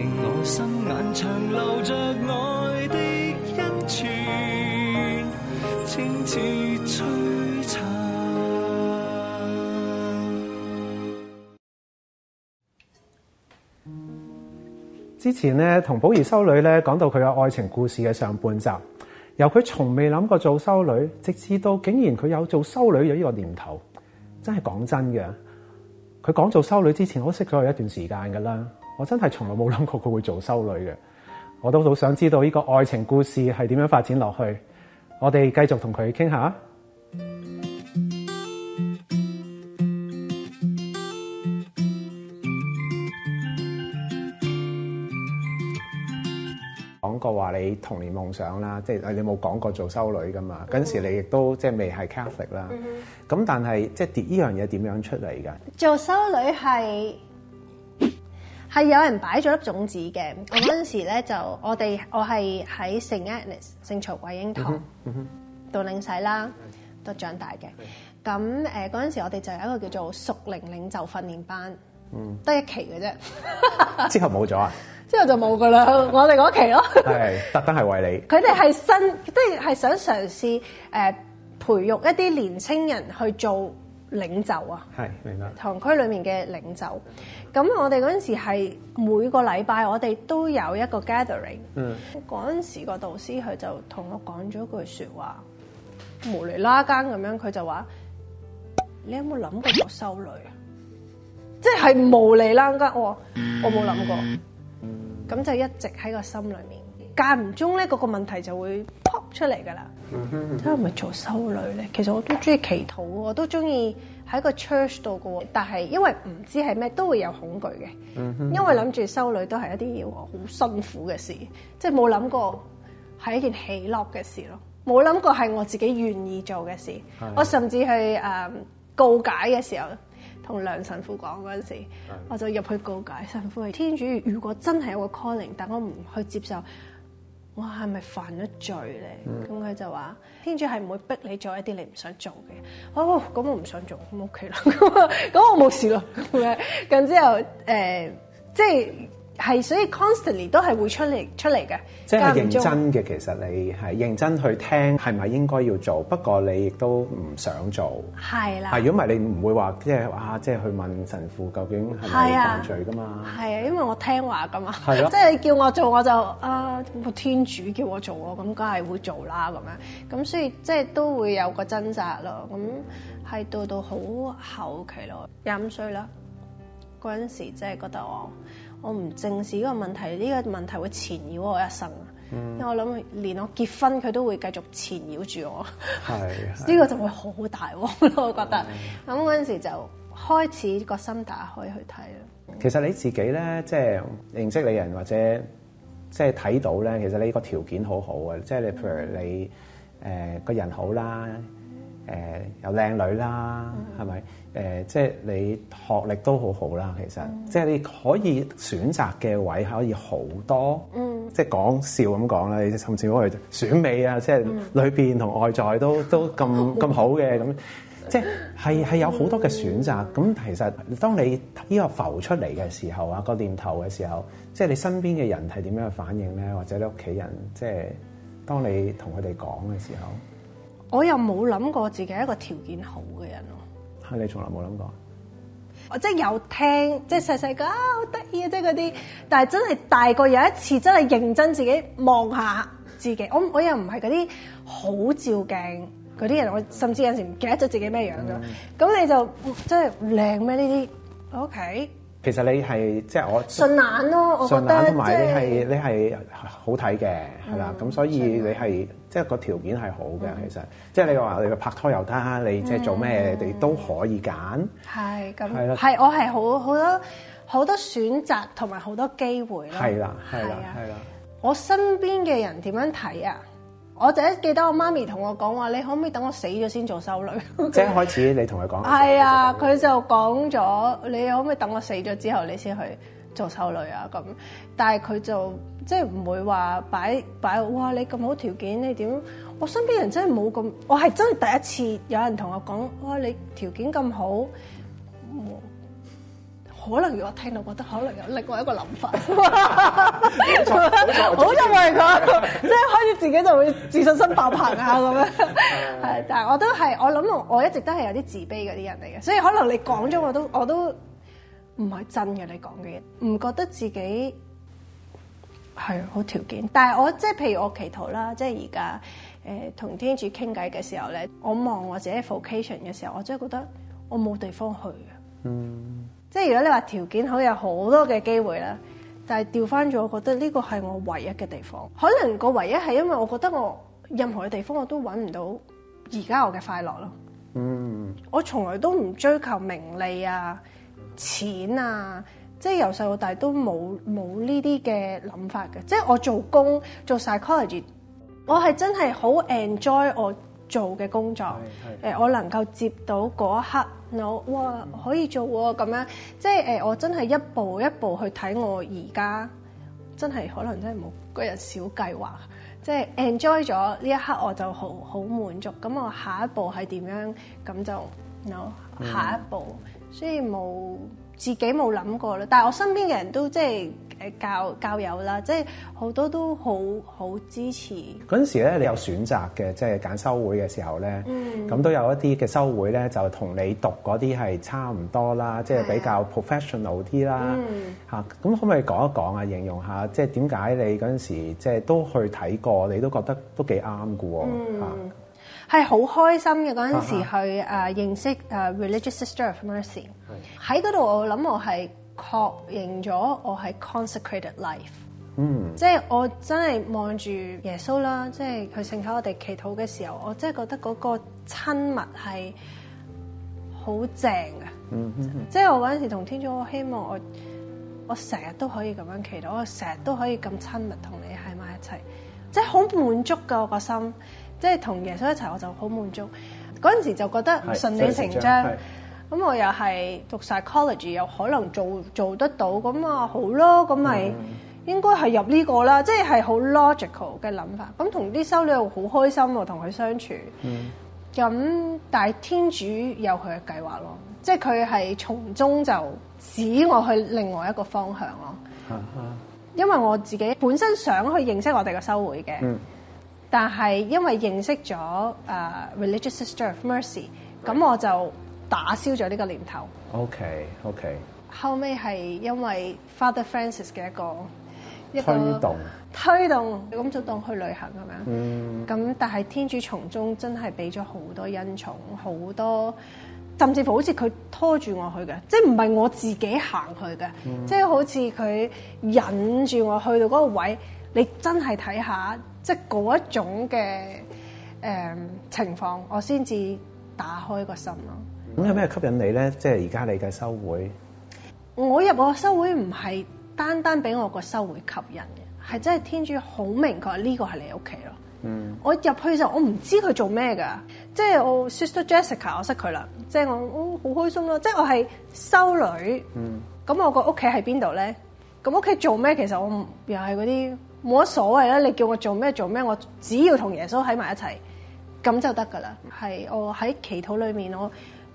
我心眼長留愛的泉，着之前咧，同寶儀修女咧講到佢嘅愛情故事嘅上半集，由佢從未諗過做修女，直至到竟然佢有做修女嘅呢個念頭，真係講真嘅，佢講做修女之前，我都識咗佢一段時間噶啦。我真係從來冇諗過佢會做修女嘅，我都好想知道呢個愛情故事係點樣發展落去。我哋繼續同佢傾下。講、嗯、過話你童年夢想啦，即係你冇講過做修女噶嘛？嗰陣時你亦都即係未係 Catholic 啦、嗯哼。咁但係即係呢樣嘢點樣出嚟㗎？做修女係。係有人擺咗粒種子嘅，我嗰陣時咧就我哋我係喺聖愛 ness 聖曹桂英堂、mm hmm, mm hmm. 到領洗啦，都長大嘅。咁誒嗰陣時我哋就有一個叫做熟齡領袖訓練班，得、mm hmm. 一期嘅啫。 之後冇咗啊？ 之後就冇噶啦，我哋嗰期咯 。係特登係為你，佢哋係新，即係係想嘗試誒培育,育一啲年輕人去做。領袖啊，係，明白。堂區裏面嘅領袖，咁我哋陣時係每個禮拜，我哋都有一個 gathering。嗯，陣時個導師佢就同我講咗句說話，無厘啦更咁樣，佢就話，你有冇諗過我修女啊？即係無厘啦更我我冇諗過，咁就一直喺個心裏面。間唔中咧，個、這個問題就會 pop 出嚟噶啦。點解唔係做修女咧？其實我都中意祈禱，我都中意喺個 church 度嘅。但係因為唔知係咩，都會有恐懼嘅。 因為諗住修女都係一啲好辛苦嘅事，即係冇諗過係一件喜樂嘅事咯。冇諗過係我自己願意做嘅事。 我甚至係誒、呃、告解嘅時候，同梁神父講嗰陣時， 我就入去告解神父：天主如果真係有個 calling，但我唔去接受。我係咪犯咗罪咧？咁佢就話：天主係唔會逼你做一啲你唔想做嘅。哦，咁我唔想做，咁 OK 啦，咁我冇事啦。咁之後，誒，即係。嗯係，所以 constantly 都係會出嚟出嚟嘅。即係認真嘅，其實你係認真去聽係咪應該要做，不過你亦都唔想做。係啦。係，如果唔係你唔會話，即係哇、啊，即係去問神父究竟係咪犯罪噶嘛？係啊、啊，因為我聽話噶嘛。係咯、啊。即係你叫我做我就啊，天主叫我做我咁，梗係會做啦咁樣。咁所以即係都會有個掙扎咯。咁係到到好後期咯，廿五歲啦，嗰陣時即係覺得我。我唔正視嗰個問題，呢、這個問題會纏繞我一生。嗯、因為我諗連我結婚佢都會繼續纏繞住我，呢個就會好大鑊咯。 我覺得咁嗰陣時就開始個心打開去睇啦。其實你自己咧，即、就、係、是、認識你人或者即係睇到咧，其實你個條件好好啊。即、就、係、是、你譬如你誒、呃、個人好啦。誒又靚女啦，係咪、嗯？誒、呃、即係你學歷都好好啦，其實、嗯、即係你可以選擇嘅位可以好多，嗯、即係講笑咁講啦。你甚至可以選美啊，即係裏邊同外在都都咁咁、嗯、好嘅咁，即係係係有好多嘅選擇。咁、嗯、其實當你呢個浮出嚟嘅時候啊，個念頭嘅時候，即係你身邊嘅人係點樣反應咧？或者你屋企人即係當你同佢哋講嘅時候。我又冇諗過自己係一個條件好嘅人咯。係你從來冇諗過？我即係有聽，即係細細個啊，好得意啊，即係嗰啲。但係真係大個有一次真係認真自己望下自己。我我又唔係嗰啲好照鏡嗰啲人，我甚至有時唔記得咗自己咩樣嘅。咁、嗯、你就真係靚咩呢啲？OK。其實你係即係我順眼咯，我順眼同埋你係你係好睇嘅，係啦，咁所以你係即係個條件係好嘅，其實即係你話你個拍拖又得，你即係做咩你都可以揀，係咁，係啦，係我係好好多好多選擇同埋好多機會啦，係啦，係啦，係啦，我身邊嘅人點樣睇啊？我就記得我媽咪同我講話，你可唔可以等我死咗先做修女？ 即係開始你同佢講，係啊，佢就講咗， 你可唔可以等我死咗之後，你先去做修女啊？咁，但係佢就即係唔會話擺擺，擺，哇！你咁好條件，你點？我身邊人真係冇咁，我係真係第一次有人同我講，哇！你條件咁好。可能如果我聽到覺得可能有另外一個諗法，我好認為佢，即係開始自己就會自信心爆棚啊咁樣。係，但係我都係，我諗我一直都係有啲自卑嗰啲人嚟嘅，所以可能你講咗我，我都我都唔係真嘅，你講嘅嘢，唔對覺得自己係好條件。但係我即係譬如我祈禱啦，即係而家誒同天主傾偈嘅時候咧，我望我自己 Vocation 嘅時候，我真係覺得我冇地方去嘅。嗯。 即係如果你話條件好有好多嘅機會咧，但係調翻咗，我覺得呢個係我唯一嘅地方。可能個唯一係因為我覺得我任何嘅地方我都揾唔到而家我嘅快樂咯。嗯、mm，hmm. 我從來都唔追求名利啊、錢啊，即係由細到大都冇冇呢啲嘅諗法嘅。即係我做工做曬 college，我係真係好 enjoy 我。做嘅工作，誒、呃、我能夠接到嗰一刻 no 哇可以做喎、哦、咁樣，即係誒、呃、我真係一步一步去睇我而家，真係可能真係冇個人小計劃，即係 enjoy 咗呢一刻我就好好滿足，咁我下一步係點樣咁就 no 下一步，嗯、所以冇。自己冇諗過啦，但係我身邊嘅人都即係誒教教友啦，即係好多都好好支持。嗰陣時咧，你有選擇嘅，即係揀修會嘅時候咧，咁、嗯、都有一啲嘅修會咧，就同你讀嗰啲係差唔多啦，即係、嗯、比較 professional 啲啦。嚇、嗯，咁可唔可以講一講啊？形容下，即係點解你嗰陣時即係都去睇過，你都覺得都幾啱嘅喎。係好開心嘅，嗰陣時去誒、uh, 認識誒、uh, Religious Sister of Mercy，喺嗰度，我諗我係確認咗我係 consecrated life，嗯、mm，即、hmm. 係我真係望住耶穌啦，即係佢聖巧我哋祈禱嘅時候，我真係覺得嗰個親密係好正啊。即係、mm hmm. 我嗰陣時同天主，我希望我我成日都可以咁樣祈禱，我成日都可以咁親密同你喺埋一齊，即係好滿足嘅我個心。即係同耶穌一齊，我就好滿足。嗰陣時就覺得順理成章。咁我又係讀 psychology，又可能做做得到，咁啊好咯，咁咪應該係入呢個啦。嗯、即係係好 logical 嘅諗法。咁同啲修女又好開心，同佢相處。咁、嗯、但係天主有佢嘅計劃咯，即係佢係從中就指我去另外一個方向咯。嗯、因為我自己本身想去認識我哋嘅修會嘅。嗯但係因為認識咗誒、uh, Religious Sister of Mercy，咁 Right. 我就打消咗呢個念頭。OK OK。後尾係因為 Father Francis 嘅一個一推動一推動咁就當，當去旅行咁樣。嗯、mm.。咁但係天主從中真係俾咗好多恩寵，好多甚至乎好似佢拖住我去嘅，即係唔係我自己行去嘅，mm. 即係好似佢引住我去到嗰個位。你真係睇下。即係嗰一種嘅誒、呃、情況，我先至打開個心咯。咁有咩吸引你咧？即係而家你嘅修會，我入我修會唔係單單俾我個修會吸引嘅，係真係天主好明確呢個係你屋企咯。嗯，我入去時候我唔知佢做咩㗎。即係我 Sister Jessica，我識佢啦。即係我，哦，好開心咯。即係我係修女。嗯，咁我個屋企喺邊度咧？咁屋企做咩？其實我唔，又係嗰啲。冇乜所謂啦！你叫我做咩做咩，我只要同耶穌喺埋一齊，咁就得噶啦。係，我喺祈禱裏面，我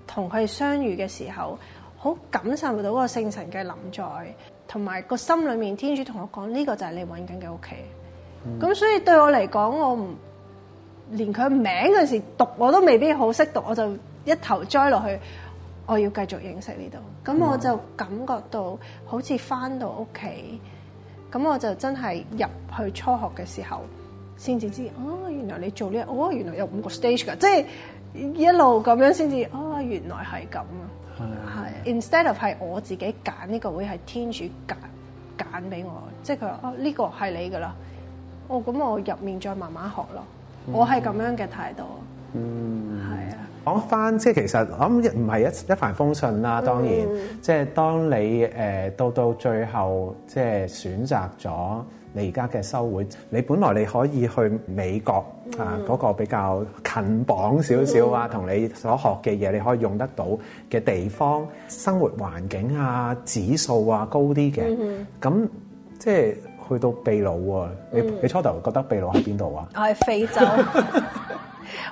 同佢哋相遇嘅時候，好感受到個聖神嘅臨在，同埋個心裏面天主同我講：呢、這個就係你揾緊嘅屋企。咁、嗯、所以對我嚟講，我唔，連佢名嗰陣時讀我都未必好識讀，我就一頭栽落去。我要繼續認識呢度，咁我就感覺到、嗯、好似翻到屋企。咁我就真係入去初學嘅時候，先至知哦，原來你做呢、這個，哦原來有五個 stage 㗎，即係一路咁樣先至，哦，原來係咁啊，係啊。Instead of 係我自己揀呢個會係天主揀揀俾我，即係佢話哦呢個係你㗎啦，哦咁、這個哦、我入面再慢慢學咯，嗯、我係咁樣嘅態度，嗯，係啊。講翻即係其實，我諗唔係一一帆風順啦。當然，嗯、即係當你誒、呃、到到最後，即係選擇咗你而家嘅修會，你本來你可以去美國、嗯、啊嗰、嗰個比較近榜少少啊，同、嗯、你所學嘅嘢你可以用得到嘅地方、生活環境啊、指數啊高啲嘅。咁、嗯、即係去到秘魯喎、啊？你、嗯、你初頭覺得秘魯喺邊度啊？我係非洲。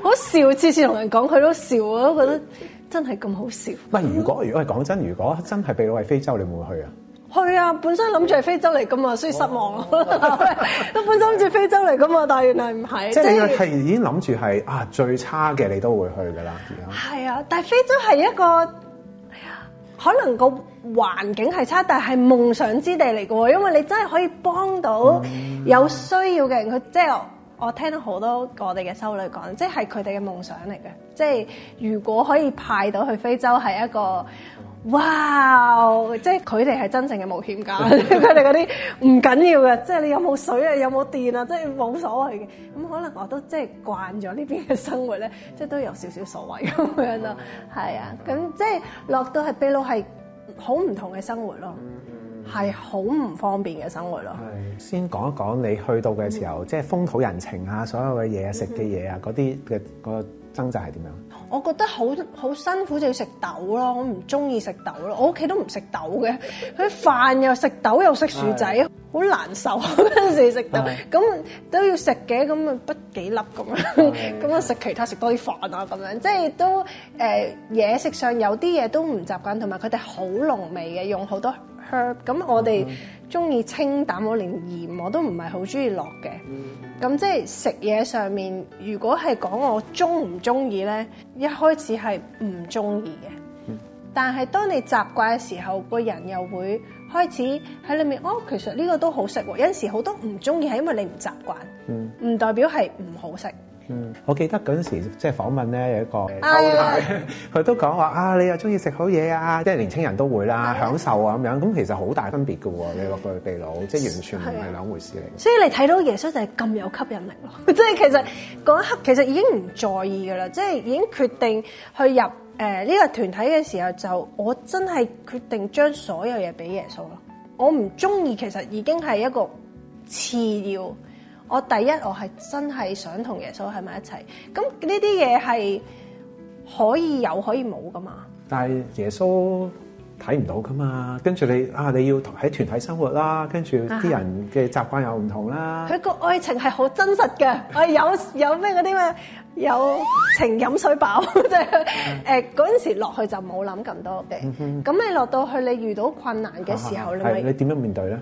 好笑，次次同人講佢都笑，我都覺得真係咁好笑。唔，如果如果講真，如果真係俾你去非洲，你會唔會去啊？去啊！本身諗住係非洲嚟噶嘛，所以失望。 都本身諗住非洲嚟噶嘛，但係原來唔係。即係係已經諗住係啊，最差嘅你都會去噶啦。係啊，但係非洲係一個，可能個環境係差，但係係夢想之地嚟噶，因為你真係可以幫到有需要嘅人，佢、嗯、即係。我聽到好多我哋嘅修女講，即係佢哋嘅夢想嚟嘅，即係如果可以派到去非洲係一個，哇！即係佢哋係真正嘅冒險家，佢哋嗰啲唔緊要嘅，即係你有冇水啊，有冇電啊，即係冇所謂嘅。咁可能我都即係慣咗呢邊嘅生活咧，即係都有少少所謂咁樣咯。係 啊，咁即係落到去秘魯係好唔同嘅生活咯。係好唔方便嘅生活咯。係，先講一講你去到嘅時候，嗯、即係風土人情啊，所有嘅嘢食嘅嘢啊，嗰啲嘅個掙扎係點樣？我覺得好好辛苦就要食豆咯，我唔中意食豆咯，我屋企都唔食豆嘅。佢飯又食豆又食薯仔，好的難受嗰陣 時食豆。咁的都要食嘅，咁咪不幾粒咁的 樣，樣，咁啊食其他食多啲飯啊咁樣，即係都誒嘢、呃、食上有啲嘢都唔習慣，同埋佢哋好濃味嘅，用好多。咁我哋中意清淡，我連鹽我都唔係好中意落嘅。咁、嗯、即係食嘢上面，如果係講我中唔中意咧，一開始係唔中意嘅。嗯、但係當你習慣嘅時候，個人又會開始喺裏面哦，其實呢個都好食。有陣時好多唔中意係因為你唔習慣，嗯、唔代表係唔好食。嗯，我記得嗰陣時即係、就是、訪問咧有一個，佢、哎、呀都講話啊，你又中意食好嘢啊，即係年輕人都會啦、啊，哎、呀享受啊咁樣，咁其實好大分別㗎喎、啊，哎、呀你落過去秘魯，即係完全唔係兩回事嚟。所以你睇到耶穌就係咁有吸引力咯，即係其實嗰一刻其實已經唔在意㗎喇，即係已經決定去入誒呢、呃這個團體嘅時候，就我真係決定將所有嘢俾耶穌咯，我唔中意其實已經係一個次要。我第一，我係真係想同耶穌喺埋一齊。咁呢啲嘢係可以有可以冇㗎嘛？但係耶穌睇唔到㗎嘛？跟住你啊，你要喺團體生活啦，跟住啲人嘅習慣又唔同啦。佢個、啊、愛情係好真實嘅，我有有咩嗰啲咩有情飲水飽，即係誒嗰陣時落去就冇諗咁多嘅。咁、嗯、哼你落到去你遇到困難嘅時候，啊啊啊、你你點樣面對咧？啊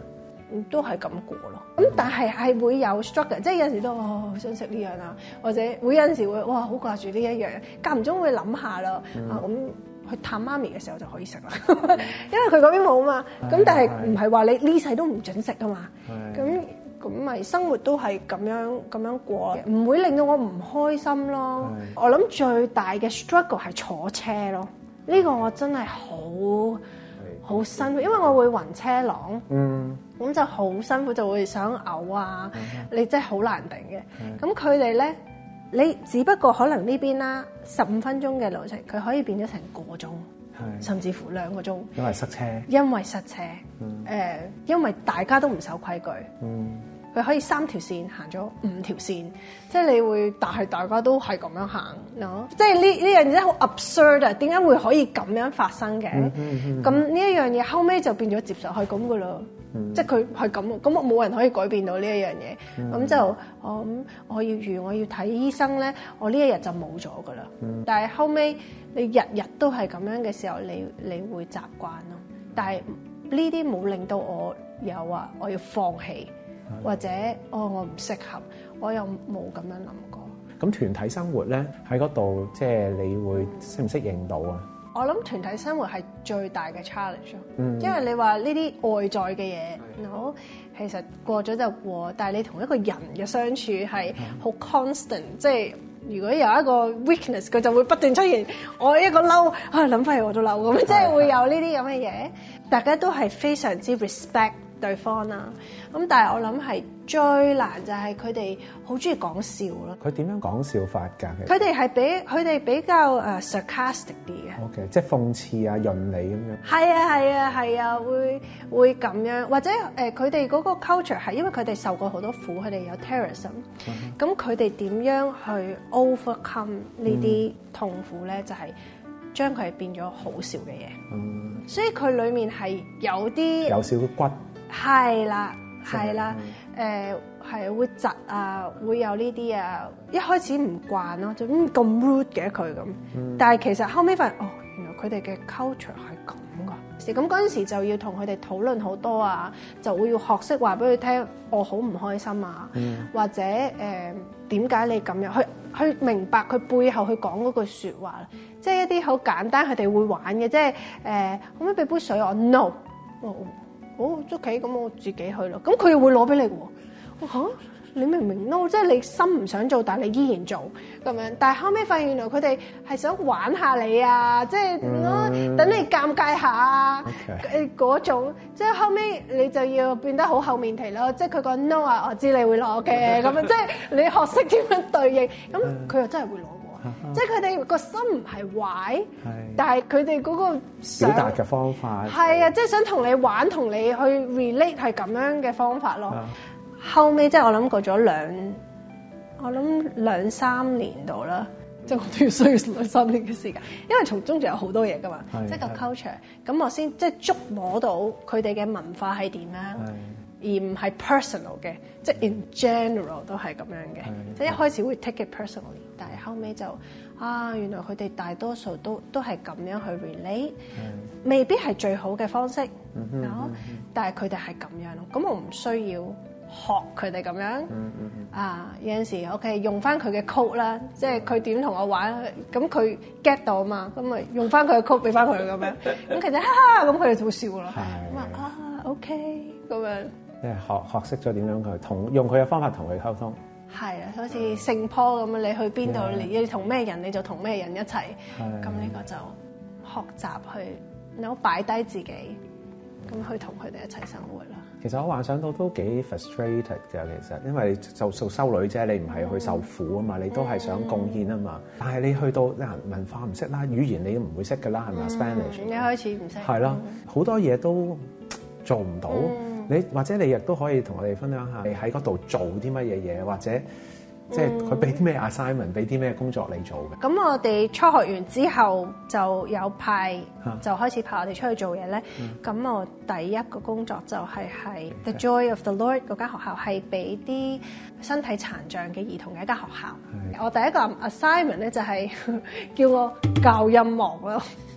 都係咁過咯，咁但係係會有 struggle，、er, 即係有陣時都好、哦、想食呢樣啊，或者會有陣時會哇好掛住呢一樣，間唔中會諗下咯，嗯、啊咁去探媽咪嘅時候就可以食啦， 因為佢嗰邊冇嘛，咁但係唔係話你呢世都唔準食啊嘛，咁咁咪生活都係咁樣咁樣過，唔會令到我唔開心咯。是我諗最大嘅 struggle 係坐車咯，呢、呢個我真係好，好辛苦，因為我會暈車浪，咁、嗯、就好辛苦，就會想嘔啊！嗯、你真係好難頂嘅。咁佢哋咧，你只不過可能呢邊啦、啊，十五分鐘嘅路程，佢可以變咗成個鐘，是甚至乎兩個鐘，因為塞車，因為塞車，誒、嗯呃，因為大家都唔守規矩。嗯佢可以三條線行咗五條線，即係你會，但係大家都係咁樣行、no? 即係呢呢樣嘢好 absurd 啊！點解會可以咁樣發生嘅？咁呢一樣嘢後尾就變咗接受係咁噶咯，mm hmm. 即係佢係咁，咁冇人可以改變到呢一樣嘢。咁、mm hmm. 就我、嗯、我要預我要睇醫生咧，我呢一日就冇咗噶啦。Mm hmm. 但係後尾你日日都係咁樣嘅時候，你你，你會習慣咯。但係呢啲冇令到我有啊，我要放棄。或者哦，我唔適合，我又冇咁樣諗過。咁團體生活咧，喺嗰度即係你會適唔適應到啊？我諗團體生活係最大嘅 challenge，嗯，因為你話呢啲外在嘅嘢，好對其實過咗就過，但係你同一個人嘅相處係好 constant，即係對如果有一個 weakness，佢就會不斷出現。我一個嬲啊，諗翻起我都嬲咁，即係會有呢啲咁嘅嘢。對大家都係非常之 respect。對方啦、啊，咁但係我諗係最難就係佢哋好鍾意講笑咯。佢點樣講笑法㗎？佢哋係比佢哋比較誒 sarcastic 啲嘅。Uh, o、okay. K，即係諷刺啊、潤理咁樣。係啊，係啊，係啊，啊，會會咁樣，或者誒佢哋嗰個 culture 係因為佢哋受過好多苦，佢哋有 terrorism。咁佢 哋點樣去 overcome 呢啲痛苦咧？就係、是、將佢哋變咗好笑嘅嘢。嗯， 所以佢裡面係有啲有少骨。係啦，係啦，誒係、嗯呃、會窒啊，會有呢啲啊，一開始唔慣咯、啊，就咁 rude 嘅佢咁，嗯啊嗯、但係其實後尾發現哦，原來佢哋嘅 culture 係咁噶，咁嗰陣時就要同佢哋討論好多啊，就會要學識話俾佢聽，我好唔開心啊，嗯、或者誒點解你咁樣？去去明白佢背後去講嗰句説話，即、就、係、是、一啲好簡單，佢哋會玩嘅，即係誒可唔可以俾杯水我？No，冇、哦。哦，捉棋咁我自己去咯，咁佢又會攞俾你喎。嚇，你明明 no，即係你心唔想做，但係你依然做咁樣。但係後尾發現原來佢哋係想玩下你啊，即係等你尷尬下誒嗰種。即係後尾你就要變得好厚面皮咯。即係佢講 no 啊，我知你會攞嘅咁樣。即係你學識點樣對應，咁佢又真係會攞。即係佢哋個心唔係壞，但係佢哋嗰個表達嘅方法係啊，即係想同你玩，同你去 relate 係咁樣嘅方法咯。的後尾即係我諗過咗兩，我諗兩三年度啦，即係我都要需要兩三年嘅時間，因為從中就有好多嘢㗎嘛，的即係個 culture，咁的我先即係捉摸到佢哋嘅文化係點樣。而唔係 personal 嘅，即係 in general 都係咁樣嘅。的即係一開始會 take it personally，但係後尾就啊，原來佢哋大多數都都係咁樣去 relate，的未必係最好嘅方式。但係佢哋係咁樣咯。咁我唔需要學佢哋咁樣。啊，有陣時 OK，用翻佢嘅 code 啦，即係佢點同我玩，咁佢 get 到啊嘛，咁啊用翻佢嘅 code 俾翻佢咁樣。咁其實哈哈，咁佢哋就會笑啦。咁的啊，OK，咁樣。即係學學識咗點樣去同用佢嘅方法同佢溝通，係啊，好似聖坡咁啊，你去邊度，你同咩人你就同咩人一齊，咁呢個就學習去，你擺低自己，咁去同佢哋一齊生活啦。其實我幻想到都幾 frustrated 嘅，其實，因為就做修女啫，你唔係去受苦啊嘛，你都係想貢獻啊嘛，但係你去到嗱文化唔識啦，語言你都唔會識㗎啦，係咪 Spanish 你開始唔識，係咯，好多嘢都做唔到。你或者你亦都可以同我哋分享下，你喺嗰度做啲乜嘢嘢，或者即係佢俾啲咩 assignment，俾啲咩工作你做嘅。咁、嗯、我哋初學完之後就有派，就開始派我哋出去做嘢咧。咁、嗯、我第一個工作就係喺 The Joy of the Lord 嗰間學校，係俾啲身體殘障嘅兒童嘅一間學校。的我第一個 assignment 咧就係叫我教音樂咯。嗯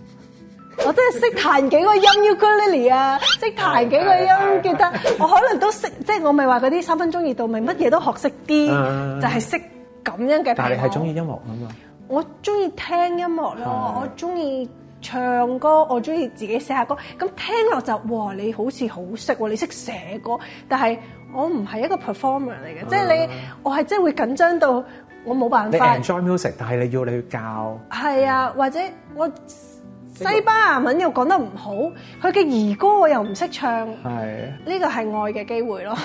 我真係識彈幾個音，Ukulele 啊！識彈幾個音，記得我可能都識，即係我咪話嗰啲三分鐘熱度，咪乜嘢都學識啲，就係識咁樣嘅。但係你係中意音樂啊嘛？我中意聽音樂咯，嗯、我中意唱歌，我中意自己寫下歌。咁聽落就哇，你好似好識喎，你識寫歌，但係我唔係一個 performer 嚟嘅，嗯、是即係你我係真係會緊張到我冇辦法。你 enjoy music，但係你要你去教。係啊、嗯，或者我。西班牙文又講得唔好，佢嘅兒歌我又唔識唱，係呢個係愛嘅機會咯。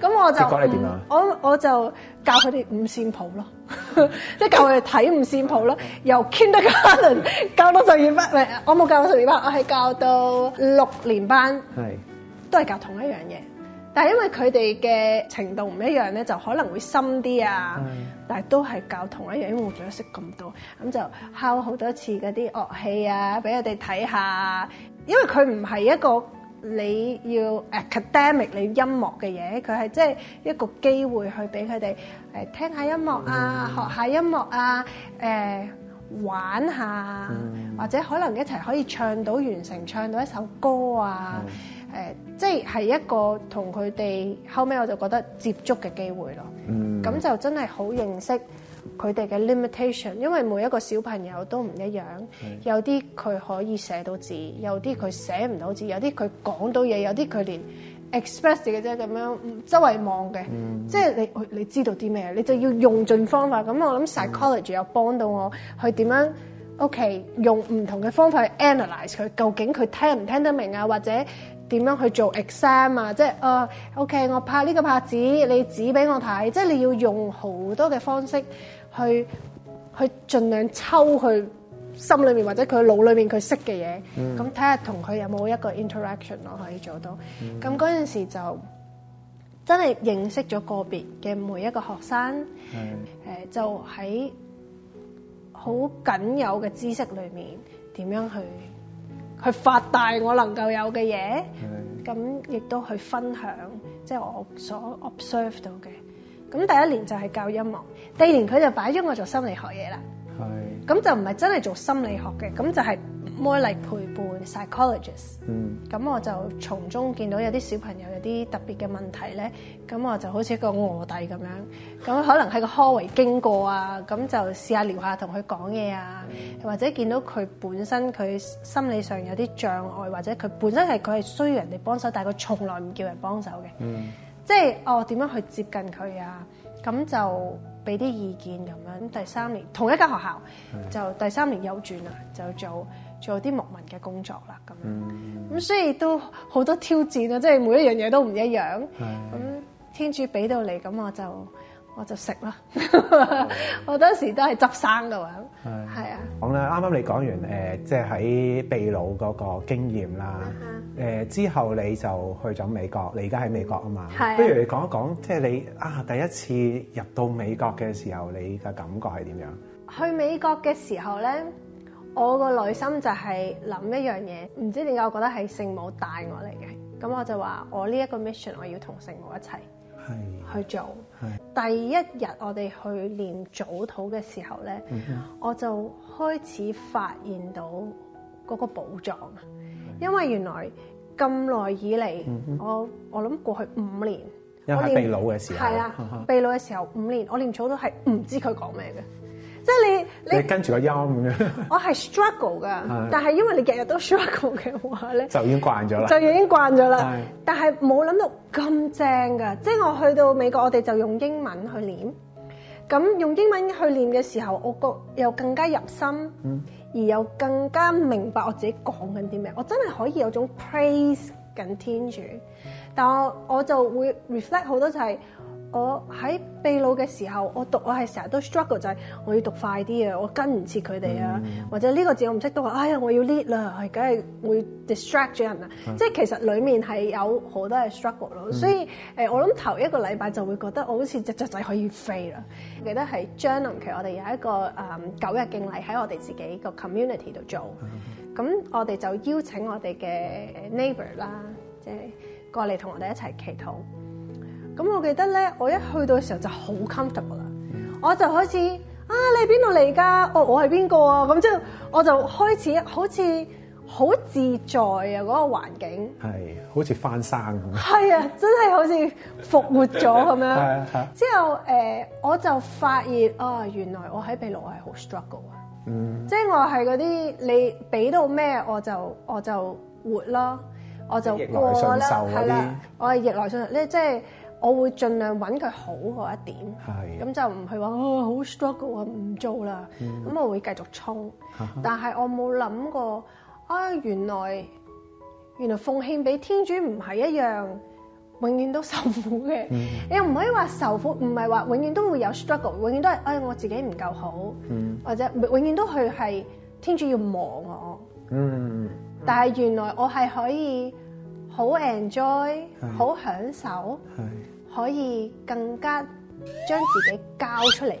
咁 我就你你我我就教佢哋五線譜咯， 即係教佢哋睇五線譜咯。 由 Kindergarten 教到十二班，唔係，我冇教到十二班，我係教到六年班，係的都係教同一樣嘢。但係因為佢哋嘅程度唔一樣咧，就可能會深啲啊。的但係都係教同一樣音樂，仲有識咁多，咁就敲好多次嗰啲樂器啊，俾佢哋睇下。因為佢唔係一個你要 academic 你音樂嘅嘢，佢係即係一個機會去俾佢哋誒聽下音樂啊，的學下音樂啊，誒、呃、玩下，的或者可能一齊可以唱到完成唱到一首歌啊，誒的。呃即係一個同佢哋後尾我就覺得接觸嘅機會咯。咁、mm hmm. 就真係好認識佢哋嘅 limitation，因為每一個小朋友都唔一樣。Mm hmm. 有啲佢可以寫到字，有啲佢寫唔到字，有啲佢講到嘢，有啲佢連 express 嘅啫咁樣周圍望嘅。Mm hmm. 即係你你知道啲咩？你就要用盡方法。咁我諗 psychology 又幫、mm hmm. 到我去點樣？OK，用唔同嘅方法去 analyze 佢，究竟佢聽唔聽得明啊？或者？點樣去做 exam 啊？即係啊，OK，我拍呢個拍子，你指俾我睇。即係你要用好多嘅方式去去盡量抽去心裏面或者佢腦裏面佢識嘅嘢，咁睇下同佢有冇一個 interaction 咯可以做到。咁陣時、mm. 就真係認識咗個別嘅每一個學生。誒、mm. 呃、就喺好僅有嘅知識裏面，點樣去？去發大我能夠有嘅嘢，咁亦是的 都去分享，即係我所 observe 到嘅。咁第一年就係教音樂，第二年佢就擺咗我做心理學嘢啦。係，咁就唔係真係做心理學嘅，咁就係。嚟陪伴 psychologist，咁、mm hmm. 我就從中見到有啲小朋友有啲特別嘅問題咧，咁我就好似一個臥底咁樣，咁可能喺個 hall 圍經過啊，咁就試下聊下同佢講嘢啊，mm hmm. 或者見到佢本身佢心理上有啲障礙，或者佢本身係佢係需要人哋幫手，但係佢從來唔叫人幫手嘅，mm hmm. 即係我點樣去接近佢啊？咁就俾啲意見咁樣。咁第三年同一間學校，mm hmm. 就第三年有轉啦，就做。做啲牧民嘅工作啦，咁，咁所以都好多挑戰啊！即係每一樣嘢都唔一樣。咁的、嗯、天主俾到你，咁我就我就食啦。 我當時都係執生㗎喎，係啊。講啦，啱啱你講完誒，即係喺秘魯嗰個經驗啦，誒 之後你就去咗美國，你而家喺美國啊嘛。係不如你講一講，即係你啊第一次入到美國嘅時候，你嘅感覺係點樣？ 去美國嘅時候咧。我個內心就係諗一樣嘢，唔知點解我覺得係聖母帶我嚟嘅，咁我就話我呢一個 mission 我要同聖母一齊去做。第一日我哋去練早禱嘅時候咧，我就開始發現到嗰個寶藏，因為原來咁耐以嚟，我我諗過去五年，因為係秘魯嘅時候，係啦，秘魯嘅時候五年，我連早禱係唔知佢講咩嘅。即係你你，你跟住個音咁樣， 我係 struggle 噶，但係因為你日日都 struggle 嘅話咧， 就已經慣咗啦， 就已經慣咗啦。 但係冇諗到咁正噶，即係我去到美國，我哋就用英文去念，咁用英文去念嘅時候，我個又更加入心，而又更加明白我自己講緊啲咩，我真係可以有種 praise c o n 緊天主，但係我我就會 reflect 好多就係、是。我喺秘魯嘅時候，我讀我係成日都 struggle 就係我要讀快啲啊，我跟唔切佢哋啊，mm hmm. 或者呢個字我唔識都話，哎呀我要 lead 啦，係梗係會 distract 咗人啊，mm hmm. 即係其實裡面係有好多係 struggle 咯、mm，hmm. 所以誒、呃、我諗頭一個禮拜就會覺得我好似隻雀仔可以飛啦。Mm hmm. 記得係將臨期，我哋有一個誒、嗯、九日敬禮喺我哋自己個 community 度做，咁、mm hmm. 我哋就邀請我哋嘅 neighbor 啦，即係過嚟同我哋一齊祈禱。咁我記得咧，我一去到嘅時候就好 comfortable 啦，mm. 我就開始啊，你喺邊度嚟㗎？我我係邊個啊？咁、嗯、之後我就開始好似好自在啊嗰、那個環境，係好似翻生咁。係啊，真係好似復活咗咁樣。係係。 之後誒、呃，我就發現啊、哦，原來我喺秘魯係好 struggle 啊，嗯、mm.，即係我係嗰啲你俾到咩，我就我就活啦，我就過啦，係啦，我係逆來順受即係。我會盡量揾佢好嗰一點，咁就唔係話啊好 struggle 唔做啦，咁我會繼續衝。但係我冇諗過啊，原來原來奉獻俾天主唔係一樣，永遠都受苦嘅。你又唔可以話受苦，唔係話永遠都會有 struggle，永遠都係唉我自己唔夠好，或者永遠都去係天主要磨我。嗯，但係原來我係可以好 enjoy，好享受。可以更加將自己交出嚟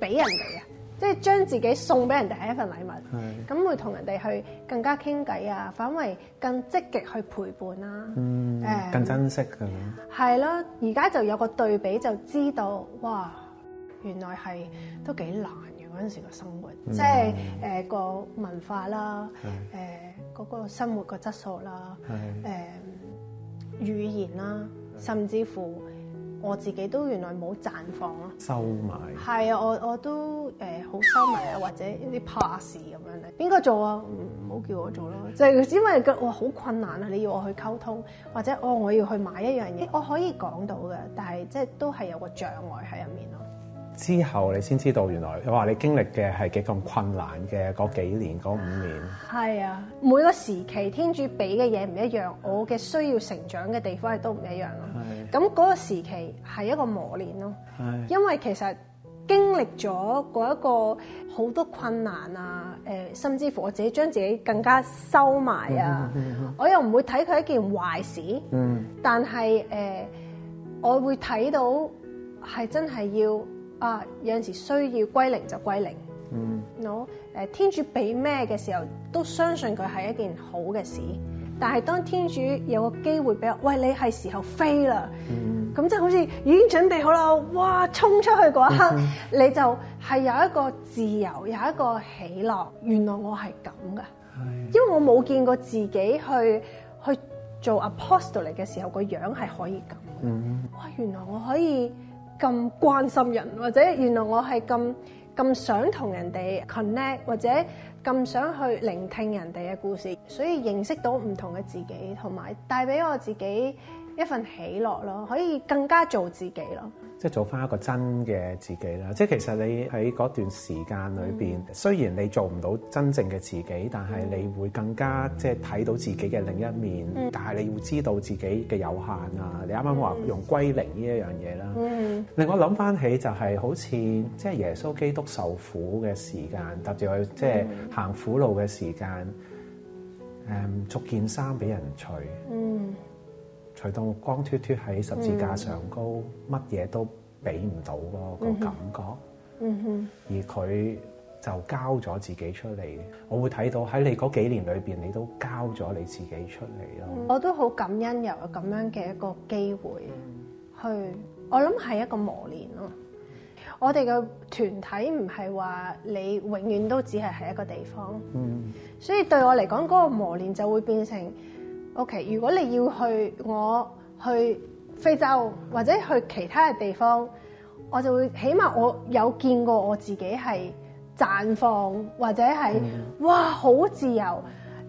俾人哋啊！即係將自己送俾人哋係一份禮物，咁係會同人哋去更加傾偈啊，反為更積極去陪伴啦，誒、嗯，嗯、更珍惜嘅。係咯，而家就有個對比，就知道哇，原來係都幾難嘅嗰陣時嘅生活，嗯、即係誒個文化啦，誒嗰個生活個質素啦，誒係、呃、語言啦，甚至乎。我自己都原來冇綻放咯、啊，收埋。係啊，我我都誒好、呃、收埋啊，或者一啲怕事咁樣咧。邊個、嗯、做啊？唔好、嗯、叫我做咯，就係因為個哇好困難啊！你要我去溝通，或者哦我要去買一樣嘢，我可以講到嘅，但係即係都係有個障礙喺入面咯。之後你先知道原來，佢話你經歷嘅係幾咁困難嘅嗰幾年嗰五年。係啊，每個時期天主俾嘅嘢唔一樣，我嘅需要成長嘅地方亦都唔一樣咯。咁嗰、啊、個時期係一個磨練咯。係、啊。因為其實經歷咗嗰一個好多困難啊，誒、呃，甚至乎我自己將自己更加收埋啊，我又唔會睇佢一件壞事。嗯。嗯嗯，但係誒、呃，我會睇到係真係要。啊，有陣時需要歸零就歸零。嗯，我誒天主俾咩嘅時候，都相信佢係一件好嘅事。Mm. 但係當天主有個機會俾我，喂，你係時候飛啦。嗯，即就好似已經準備好啦，哇衝出去嗰一刻，mm hmm. 你就係有一個自由，有一個喜樂。原來我係咁噶，因為我冇見過自己去去做 apostle 嚟嘅時候個樣係可以咁。嗯、mm，哇、hmm. 原來我可以。咁關心人，或者原來我係咁咁想同人哋 connect，或者咁想去聆聽人哋嘅故事，所以認識到唔同嘅自己，同埋帶畀我自己。一份喜樂咯，可以更加做自己咯，即係做翻一個真嘅自己啦。即係其實你喺嗰段時間裏邊，嗯、雖然你做唔到真正嘅自己，但係你會更加、嗯、即係睇到自己嘅另一面。嗯、但係你會知道自己嘅有限啊。你啱啱話用歸零呢一樣嘢啦。嗯。令我諗翻起就係、是、好似即係耶穌基督受苦嘅時間，特別去即係行苦路嘅時間。嗯。誒、嗯，逐件衫俾人除。嗯。佢到光脫脫喺十字架上高，乜嘢、嗯、都俾唔到咯，個、嗯、感覺。嗯哼、嗯。而佢就交咗自己出嚟，我會睇到喺你嗰幾年裏邊，你都交咗你自己出嚟咯。嗯、我都好感恩由咁樣嘅一個機會去，去我諗係一個磨練咯。我哋嘅團體唔係話你永遠都只係喺一個地方。嗯。所以對我嚟講，嗰、嗰個磨練就會變成。OK，如果你要去我去非洲或者去其他嘅地方，我就會起碼我有見過我自己係綻放或者係、嗯、哇好自由。誒、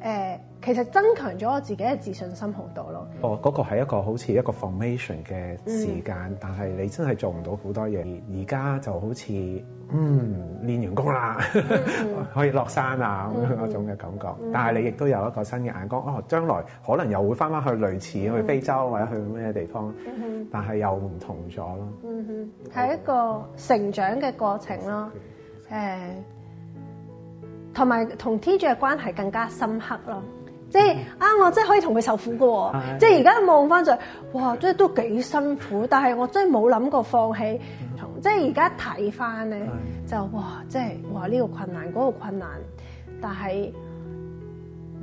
呃，其實增強咗我自己嘅自信心好多咯。哦，嗰、嗰個係一個好似一個 formation 嘅時間，嗯、但係你真係做唔到好多嘢。而家就好似。嗯，練完功啦，可以落山啊咁樣嗰種嘅感覺。但係你亦都有一個新嘅眼光，哦，將來可能又會翻翻去類似去非洲或者去咩地方，但係又唔同咗咯。嗯哼，係一個成長嘅過程咯。誒，同埋同天主嘅關係更加深刻咯。即係啊，我真係可以同佢受苦嘅。即係而家望翻就哇，即係都幾辛苦。但係我真係冇諗過放棄。即係而家睇翻咧，是的 就哇！即係哇！呢、這個困難，嗰、那個困難，但係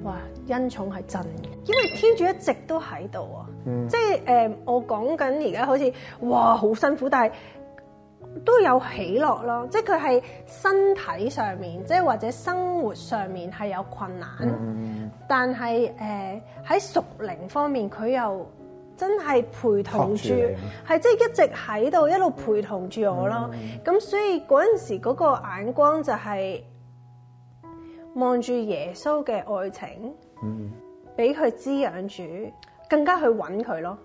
哇恩寵係真嘅，因為天主一直都喺度啊！嗯、即係誒、呃，我講緊而家好似哇好辛苦，但係都有喜樂咯。即係佢係身體上面，即係或者生活上面係有困難，嗯、但係誒喺屬靈方面佢又。真係陪同住，係即係一直喺度一路陪同住我咯。咁、mm hmm. 所以陣時個眼光就係望住耶穌嘅愛情，嗯、mm，俾、hmm. 佢滋養住，更加去揾佢咯。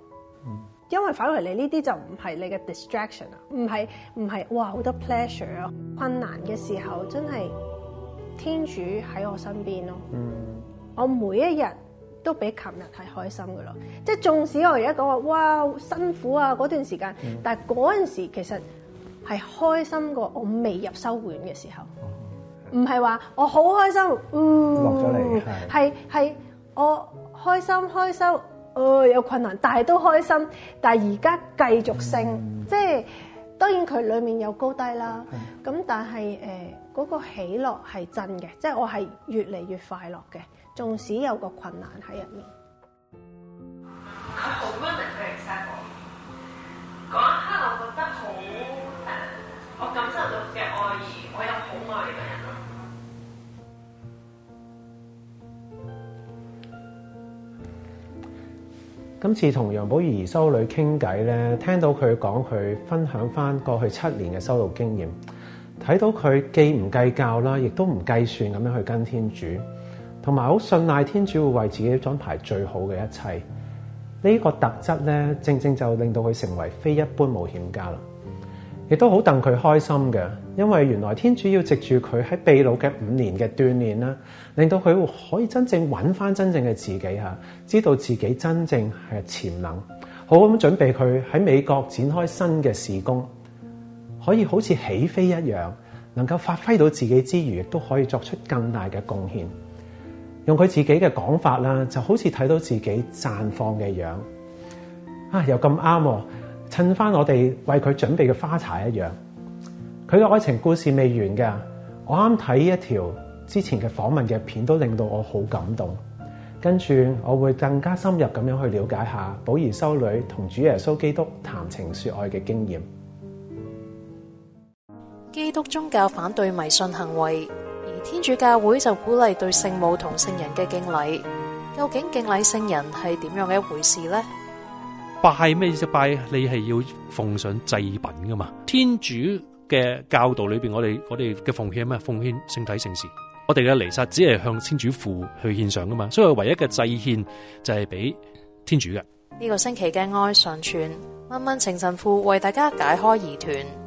Mm hmm. 因為反回嚟呢啲就唔係你嘅 distraction 啊，唔係唔係哇好多 pleasure 啊！Mm hmm. 困難嘅時候真係天主喺我身邊咯。嗯、mm，hmm. 我每一日都比琴日係開心嘅咯，即係縱使我而家講話，哇辛苦啊嗰段時間，嗯、但係嗰陣時其實，係開心過我未入修院嘅時候，唔係話，我好開心，嗯，落咗嚟係，係，我開心開心，誒、呃，有困難，但係都開心，但係而家繼續升，嗯、即係當然佢裏面有高低啦，咁、嗯、但係誒嗰個喜樂係真嘅，即係我係越嚟越快樂嘅。縱使有個困難喺入面，佢好溫暖，佢嚟曬我。嗰一刻，我覺得好平，我感受到嘅愛意，我有好愛嘅人咯。今次同楊寶儀修女傾偈咧，聽到佢講佢分享翻過去七年嘅修道經驗，睇到佢既唔計較啦，亦都唔計算咁樣去跟天主。同埋好信賴天主會為自己安排最好嘅一切，呢個特質咧，正正就令到佢成為非一般冒險家啦。亦都好戥佢開心嘅，因為原來天主要藉住佢喺秘魯嘅五年嘅鍛煉啦，令到佢可以真正揾返真正嘅自己吓，知道自己真正係潛能，好咁準備佢喺美國展開新嘅事工，可以好似起飛一樣，能夠發揮到自己之餘，亦都可以作出更大嘅貢獻。用佢自己嘅講法啦，就好似睇到自己綻放嘅樣啊！又咁啱，襯翻我哋為佢準備嘅花茶一樣。佢嘅愛情故事未完㗎，我啱睇一條之前嘅訪問嘅片，都令到我好感動。跟住我會更加深入咁樣去了解下保爾修女同主耶穌基督談情說愛嘅經驗。基督宗教反對迷信行為。天主教會就鼓勵對聖母同聖人嘅敬禮。究竟敬禮聖人係點樣嘅一回事呢？拜咩意思？拜你係要奉上祭品噶嘛？天主嘅教導裏邊，我哋我哋嘅奉獻係咩？奉獻聖體聖事。我哋嘅彌撒只係向天主父去獻上噶嘛？所以唯一嘅祭獻就係俾天主嘅。呢個星期嘅愛上傳，溫溫請神父為大家解開疑團。